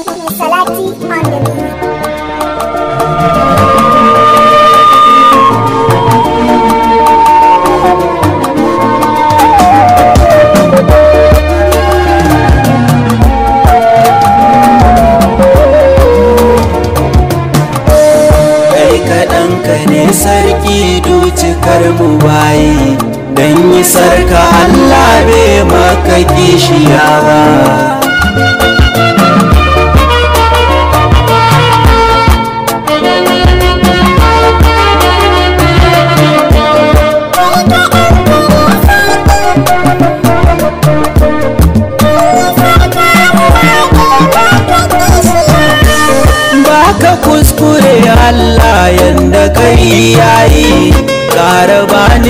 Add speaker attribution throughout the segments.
Speaker 1: Salati on the sarki ducikar mu bayi don yi sarka Allah bai maka kishiya ba.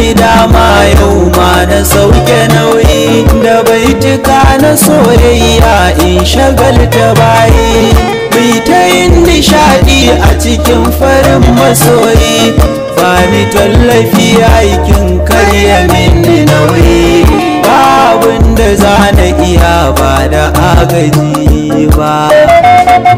Speaker 1: bani dama yau ma na sauke nauyi da baituka na soyayya in shagalta bayi mai ta yin nishaɗi a cikin farin masoyi Ba ni tallafi aikin karya mini nauyi babun da za na iya ba da agaji ba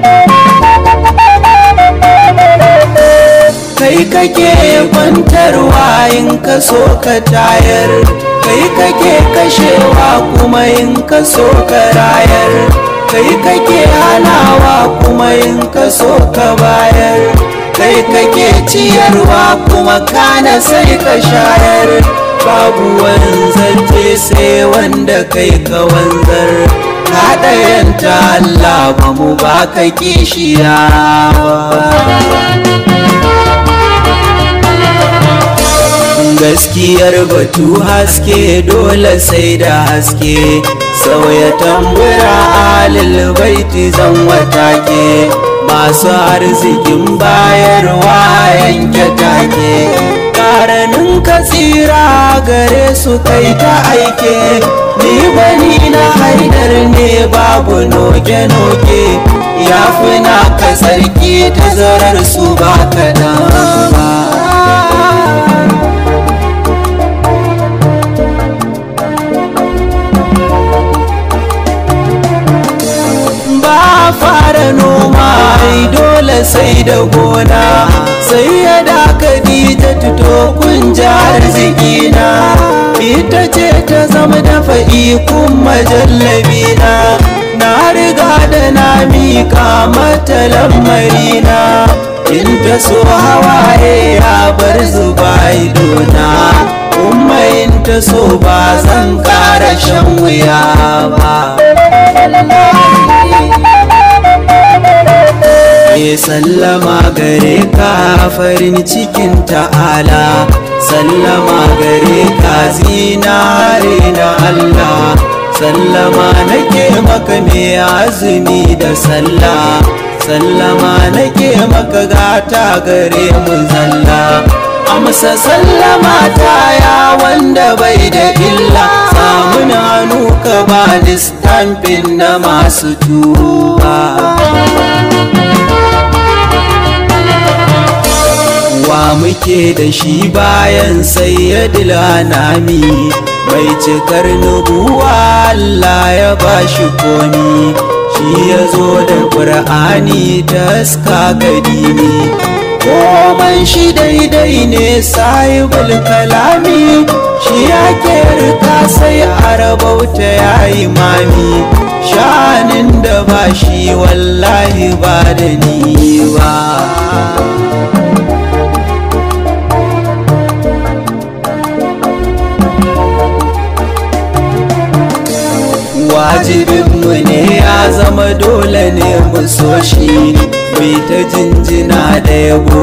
Speaker 1: kai kake kwantarwa in ka so ka tayar kai kake kashewa kuma in ka so ka rayar kai kake hanawa kuma in ka so ka bayar kai kake ciyarwa kuma kana sai ka shayar babu wanzance sai wanda kai ka wanzar ka Allah ba mu ba ka kishiya gaskiyar batu haske dole sai da haske sauya tambura alil baiti zan watake masu arzikin bayarwa yanke take karanin katsira gare su kai ta aike ni bani na haidar ne babu noge-noge ya fi na ka sarki ta zarar su ba kaɗan sai da gona sai ya da ta tuto kunja arziki ita ce ta zama da ikon majallabi na na riga da na mika mata lamari na in ta so hawaye ya bar zuba idona kuma in ta so ba zan ƙara shan wuya ba yi sallama gare ka farin cikin ta'ala sallama gare ka zinare na Allah sallama nake maka mai azumi da sallah sallama nake maka gata gare mu zalla amsa sallama ta ya wanda bai da illa samun hannu ka ba sitamfin na masu tuba wa muke da shi bayan sai ya dilanami mai cikar nubuwa Allah ya ba shi komi shi ya zo da ska gadi ne koman shi daidai ne sahibul kalami shi ya rika sai a rabauta ya mami Shanin da ba shi wallahi ba da ni ba wajibinmu ne ya zama dole ne mu so shi mai ta jinjina da yabo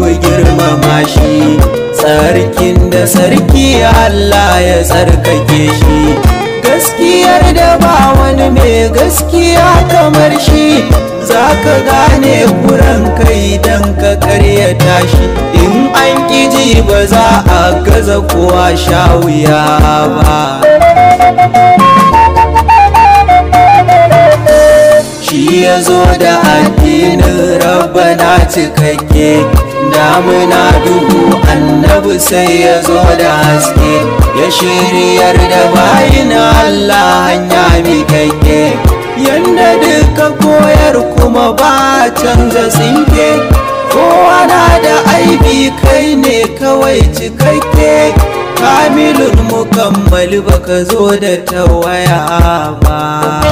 Speaker 1: mu girmama shi tsarkin da sarki Allah ya tsarkake shi gaskiyar da ba wani mai gaskiya kamar shi za ka gane kuran kai don ka karyata shi in an ƙiji ba za a gaza kowa sha wuya ba ya zo da addinin rabbana cikakke damuna duhu annabi sai ya zo da haske ya shiryar da bayin allah hanya miƙaƙe yadda duka koyar kuma ba canza tsinke kowa na da aibi kai ne kawai cikakke kamilun mukammal baka zo da tawaya ba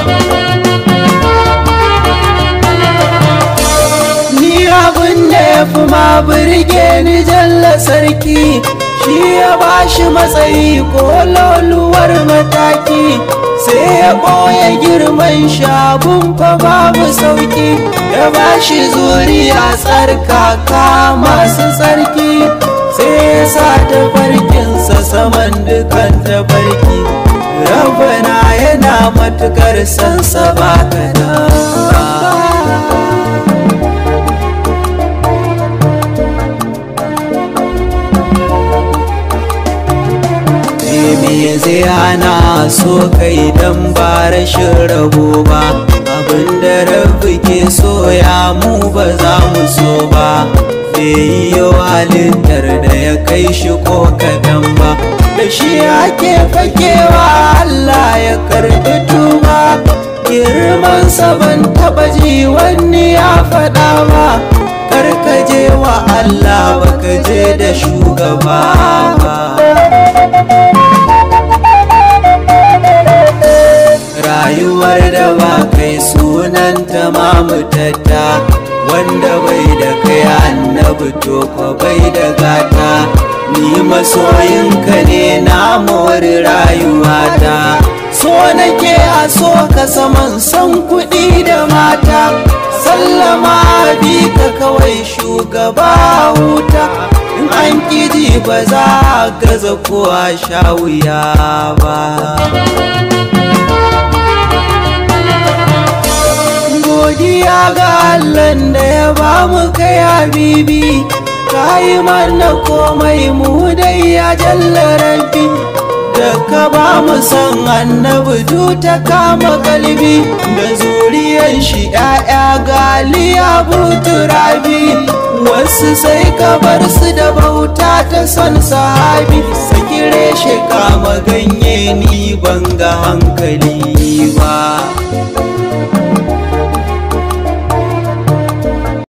Speaker 1: kuma birge ni jalla sarki shi ya bashi matsayi ko lauluwar mataki sai ya ɓoye girman shabun fa babu sauki ya bashi zuriya tsarkaka masu sarki, sai ya sa tafarkinsa saman dukan tafarki rabana yana matukar san kana me zai hana so kai dan ba rashin rabo ba abin da rabu ke soya mu ba za mu so ba bai yi halittar da ya kai shi ko kaɗan ba da shi ake fakewa Allah ya karɓi tuba girman saban taɓa ji wani ya faɗa ba karkaje wa Allah baka je da shugaba ba uwar da ba kai sunan sunanta mamutatta wanda bai da kai annabi to ko bai da gata ni masoyinka ne na mori rayuwata so nake a so ka saman son kuɗi da mata sallama bi ka kawai shugaba wuta, in an kiji ba za a gaza ko a sha wuya ba godiya ga Allah da ya ba mu kai habibi yi mana komai mu dai ya jalla da ka ba mu san annabi ta kama kalbi da zuriyar shi ya'ya galiya buturabi wasu sai ka bar su da bauta ta son sahabi sakire shi kama ganye ni ban ga hankali ba